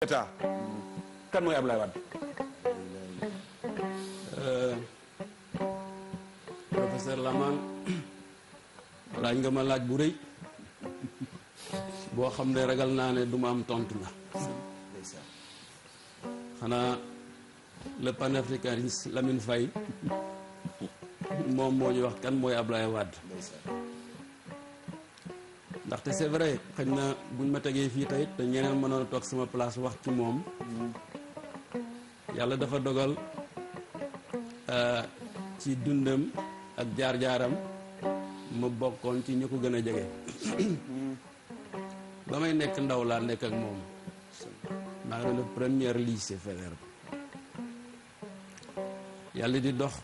état kan mooy Ablaye Wade euh, professeur Laman laaj nga ma laaj bu rëy boo xam ne ragal naa ne duma am tontu la xanaa le panafricaniste Lamine Faye moom moo ñu wax kan mooy Ablaye Wade ndaxte c'est vrai xañ na buñ ma tegee fii tey te ñeneen mënoon a toog sama place wax ci moom yàlla dafa dogal euh, ci dundam ak jaar-jaaram ma bokkoon ci ñu ko gën a jege ba may nekk ndaw laa nekk ak moom maa ngi doon première lycée Faidherbe yàlla di dox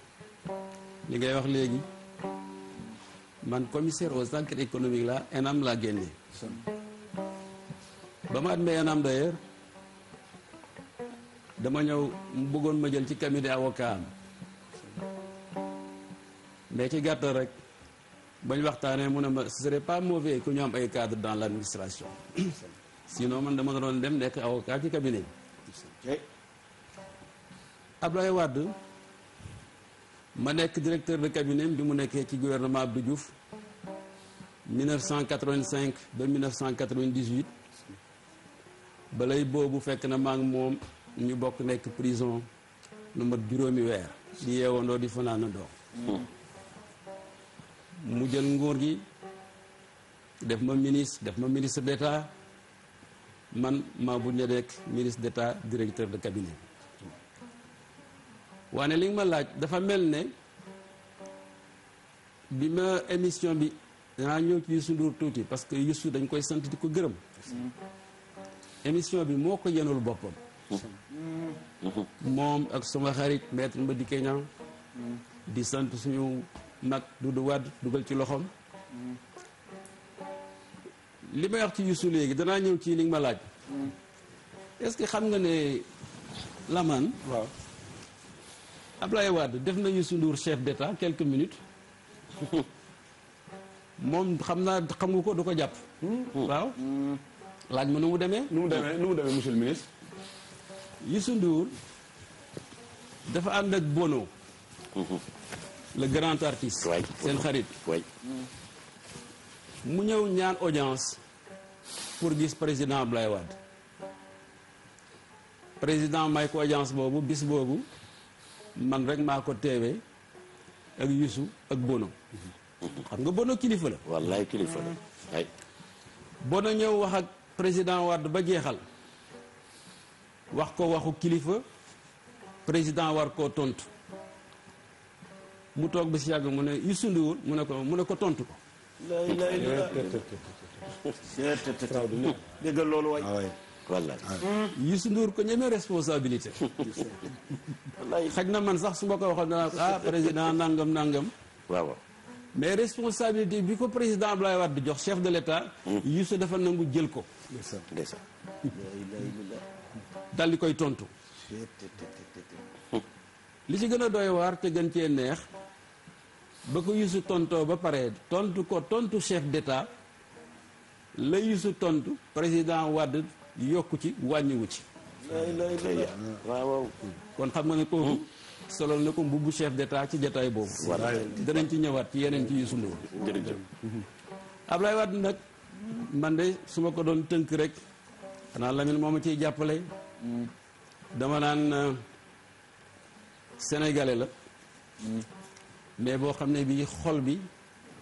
li ngay wax léegi man commissaire aux enquêtes économiques la ENAM laa génne ba ma admee ENAM d'ailleurs dama ñëw mu bëggoon ma jël ci cabinet avocat mais ci gàttal rek bañ waxtaanee mu ne ma ce serait pas mauvais que ñu am ay cadre dans l' administration sinon man dama doon dem nekk avocat ci cabinet bi Abdoulaye Wade ma nekk directeur de cabinet bi mu nekkee ci gouvernement du Diouf 1985 ba 1998 balay boobu fekk na maa ngi moom ñu bokk nekk prison lu juróomi weer di yeewandoo di fanaanandoo mu jël nguur gi def ma ministre def ma ministre d'état man maa bu ñu nekk ministre d'état directeur de cabinet waane li ma laaj dafa mel ne bi ma émission bi danaa ñëw ci Youssou Ndour tuuti parce que su dañ koy sant di ko gërëm émission bi moo ko yenul boppam moom ak suma xarit maître Madické Niang di sant suñu mag Doudou Wade dugal ci loxoom li may wax ci su léegi danaa ñëw ci li nga ma laaj est-ce que xam nga ne Lamane waaw Ablaye Wade def na Youssou Ndour chef d'état quelques minutes moom xam naa xamu ko du ko jàpp. Hmm. waaw. Hmm. laaj ma nu mu demee. nu mu demee nu mu demee monsieur le ministre. dafa ànd ak Bono. Hmm. le grand artiste. seen xarit. mu ñëw ñaan audience pour gis président Ablaye Wade président may ko audience boobu bis boobu man rek maa ko teewee ak yusu ak Bono. xam nga bono kilifa la. wallaay kilifa ay. bono ñëw wax ak président Wade ba jeexal wax ko waxu kilifa président war ko tontu mu toog bi si yàgg mu ne Youssou Ndour mu ne ko mu ne ko tontu ko. dégg loolu waay. Ah, ko ñeme responsabilité. xaj na man sax su ma ko waxoon ah président nangam nangam. mais responsabilité bi ko président Abdoulaye Wade jox chef de l'État hmm. Youssou dafa nangu jël ko dal di koy tontu li ci gën a doy waar te gën cee neex ba ko Youssou tontoo ba pare tontu ko tontu chef d'État la Youssou tontu président Wade yokku ci wàññiwu ci kon xam nga ne kooku hmm. solal na ko mbubbu chef d'état ci jataay boobu voilà danañ ci ñëwaat ci yeneen ci Youssou Ndour jërëjëf Ablaye Wade nag man de su ma ko doon tënk rek xanaa Lamine moom ma ciy jàppale dama naan euh, sénégalais la mais boo xam ne bii xol bi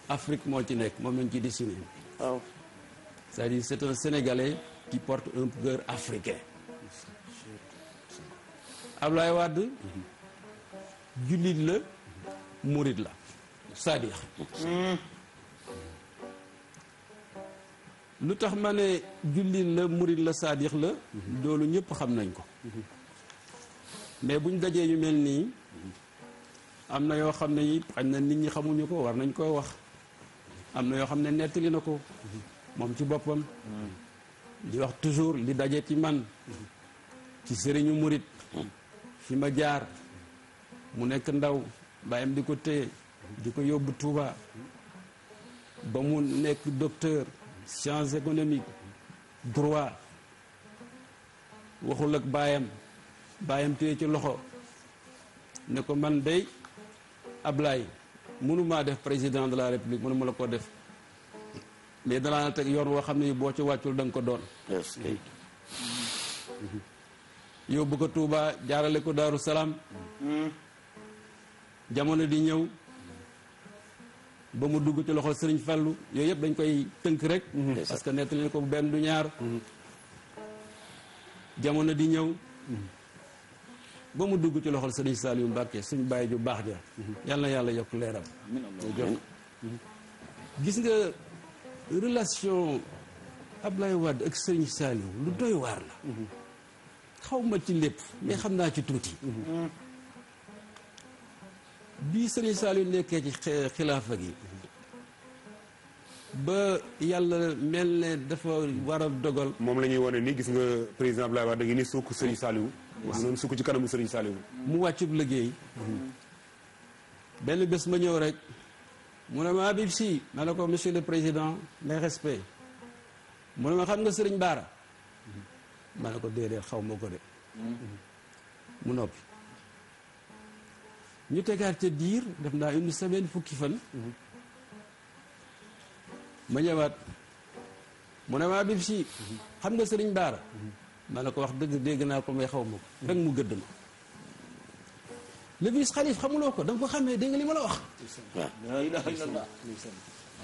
Afrique moo ci nekk moom lañ ci dessiné waaw c'est-à-dire c'est un sénégalais qui porte un cœur africain Ablaye Wade jullit la murit la cest lu tax ma ne jullit la murit la saadix la loolu ñëpp xam nañ ko mais buñ dajee yu mel nii am na yoo xam ne it xañ na nit ñi xamuñu ko war nañ koy wax am na yoo xam ne nettali na ko moom ci boppam di wax toujours li daje ci man ci sëriñu murit fi ma jaar mu nekk ndaw bàyyam di ko téye di ko yóbbu Touba ba mu nekk docteur sciences économiques droit waxul ak baayam baayam téye ci loxo ne ko man day Ablaye mënumaa def président de la république mënuma la ko def mais danaa teg yoon woo xam ne boo ci wàccul danga ko doon yóbbu ko Touba jaarale ko Daaru jamono di ñëw ba mu dugg ci loxo sëriñ Fallu yooyu yëpp dañ koy tënk rek parce que nettali na ko bu benn du ñaar mm-hmm. jamono di ñëw ba mu dugg ci loxol sëriñ Saliou Mbacke suñu bàyyi ju baax ja mm-hmm. yàlla na yàlla yokk leeram mm-hmm. gis nga relation Ablaye Wade ak sëriñ Saliou lu doy waar la xaw ma ci lépp mais xam naa ci tuuti bii sëriñ Saliou nekkee ci xilaafa gi ba yàlla mel ne dafa war a dogal. moom la ñuy wane ni gis nga président Abdoulaye Wade da ngi ni sukk sëriñ Saliou. waaw noonu sukk ci kanamu sëriñ Saliou. mu wàccub liggéey. benn bés ma ñëw rek. mu ne ma Habib Sy ma ne ko monsieur le président mes respects mu ne ma xam nga sëriñ Baara ma ne ko déedéet xaw ma ko de mu noppi ñu tegaat ca diir def naa une semaine fukki fan ma ñëwaat mu ne waa bib si xam nga sëriñ baara ma ne ko wax dëgg dégg naa ko may xaw ma ko rek mu gëdd ma le vice xamuloo ko da nga ko xamee dégg li ma la wax waaw laa ilaaha illallaah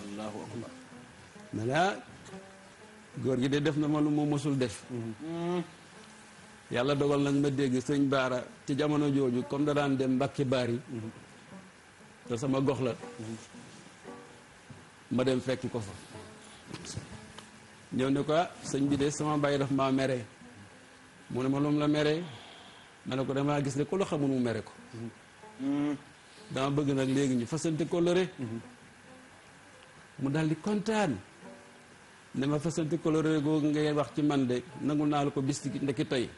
allahu akbar ah, góor gi de def na ma lu ma mosul def mm-hmm. yàlla dogal nag ma dégg sëñ Baara ci jamono jooju comme da daan dem Mbàkke Baari te sama gox la ma dem fekki ko fa ñëw ne ko ah, sëñ bi de sama bàyyi daf maa mere mu ne ma lum la mere ma ne ko damaa gis ne ku la xamul mu mere ko dama bëgg nag léegi ñu fasante coloré mu daal di kontaan ne ma fasante coloré googu ngay wax ci man de nangul naa la ko bis ndekki tey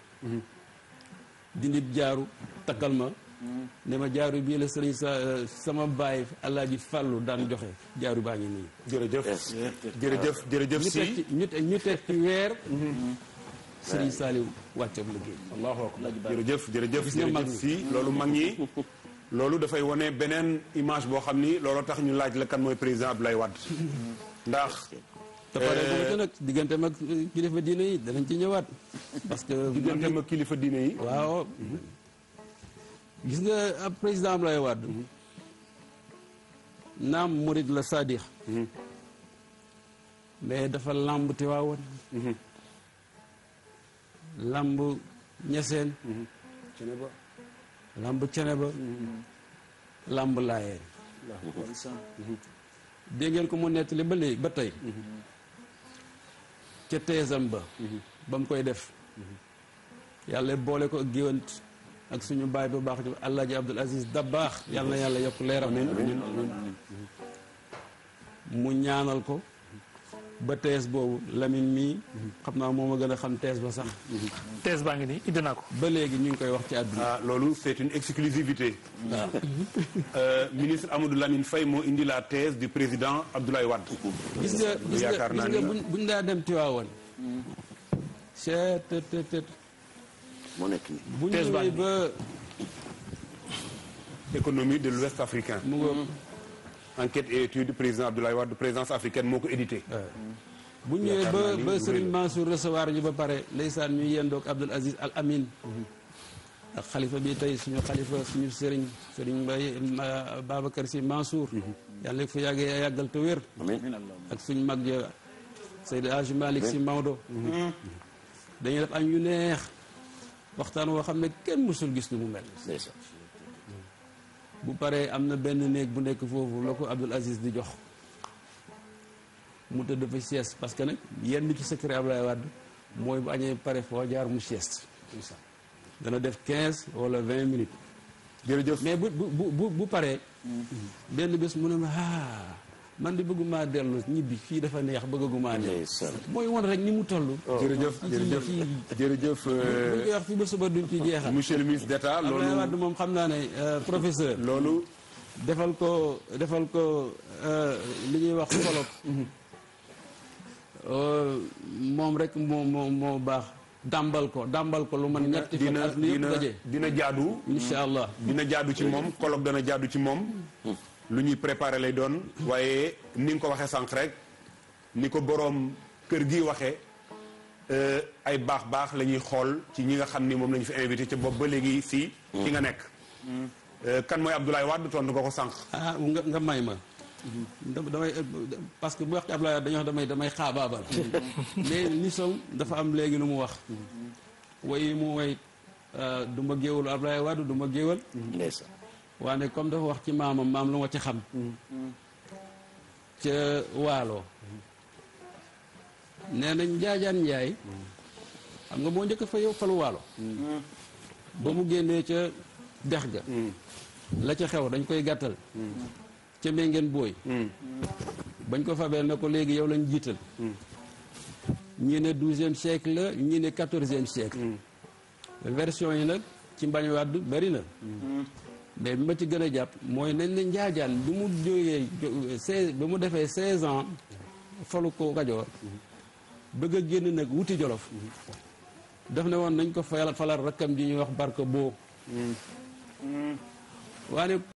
dindit jaaru takkal ma ne ma jaaru bii la sëriñ sa sama baay alaaji fàllu daan joxe jaaru baa ngi nii jërëjëf jërëjëf jërëjëf si ñu teg ci weer mm-hmm. sëriñ Saaliw wàccob liggéey allahu akbar jërëjëf jërëjëf jërëjëf si loolu mag ñi loolu dafay wone beneen image boo xam ni looloo tax ñu laaj la kan mooy président Abdoulaye Wade mm-hmm. ndax dafa dem ba nag digganteem ak kilifa diine yi danañ ci ñëwaat. parce que digganteem ak kilifa diine yi. waaw gis nga ab président la Wade. naam murid la Sadix. Mhm. mais dafa làmb Tiwaawoon. Mhm. làmb Ñaseen. Mhm. Ceneba. làmb Ceneba. làmb Laayeen. dégg ngeen ko mu nettali ba léegi ba tey. ca teesam ba mhm. ba mu koy def mhm. yàlla boole ko géwant ak suñu baay bu baax Alaaji Abdul Aziz baax yàlla na yàlla yokk leeram mu ñaanal ko ba tees boobu Lamine mii xam naa moo a gën a xam tees ba sax tees baa ngi nii indi naa ko ba léegi ñu ngi koy wax ci àdduna ah, loolu c'est une exclusivité waaw euh, ministre Amadou Lamine fay moo indi la thèse du président Abdoulaye Wade gis nga gis nga gis nga buñ daa dem Tiwaawoon cetttët moo nekk nii bu ñu ba économie de l'ouest africain enquête et étude président Abdoulaye Wade présidence africaine moo ko édité. Mm. bu ñëwee ba ba Serigne Mansour recevoir ñu ba pare ndeysaan ñu yendoog Abdoul Aziz Al Amin. Mm-hmm. ak xalifa bi tey suñu xalifa suñu Serigne Serigne Mbaye Babacar si Mansour. Mm-hmm. yàlla fa yàggee yàggal te wér. ak suñu mag ja Seydi Hadji Malick Sy Maodo. Mm-hmm. dañuy def añ yu neex waxtaan woo xam ne kenn mësul gis ni mu mel. bu paree am na benn néeg bu nekk foofu la ko Abdoul Aziz di jox mu tëdd fa sieste parce que nag yenn ci secret Abdoulaye Wade mooy bu añee pare foo jaar mu sieste dana def quinze wala vingt minutes jërëjëf mais bu bu bu bu paree mm-hmm. benn bés mu ne ma ah man di bëgguma dellu ñibbi fii dafa neex bëgguma neex mooy woon rek ni mu toll oh. jërëjëf jërëjëf jërëjëf buñ koy euh, wax fii ba suba duñ jeexal monsieur le ministre d'état loolu moom xam naa ne euh, professeur loolu defal ko defal ko euh, li ñuy wax colloque mhm. moom rek moo moo baax dàmbal ko dàmbal ko lu man ñetti fan ak li yëpp dina jaadu insha allah dina jàddu ci moom colloque dana jaadu ci moom mhm. lu ñuy préparé lay doon waaye ni nga ko waxee sànq rek ni ko boroom kër gi waxee euh, ay baax baax la ñuy xool ci ñi nga xam ni moom la fi invité ci bopp ba léegi si. ki nga nekk. Euh, kan mooy Abdoulaye Wade tontu nga ko sànq. ah nga nga may ma. damay parce que bu wax ci Abdoulaye Wade dañuy damay damay xaabaabal. mais ni som dafa am léegi lu mu wax. way mu way euh, duma ma géewal Abdoulaye Wade du ma géewal. waane comme dafa wax ci maamam maam lu ma ci xam mm-hmm. ca waalo mm-hmm. nee nañ njaajaan njaay mm-hmm. xam nga moo njëkk fa yow falu waalo ba mu génnee ca dex ga la ca xew dañ koy gàttal ca mee ngeen booy bañ ko fabee ne ko léegi yow lañ jiital ñii ne douzième siècle la ñi ne quatorzième siècle version yi nag ci mbañ wàdd bari na mais bi ma ci gën a jàpp mooy nañ ne njaajaan bi mu jógee seize bi mu defee seize ans falu ko Kajoor bëgg a génn nag wuti Jolof daf ne woon nañ ko fayal falal rakkam ji ñuy wax barka boo mm. mm. waane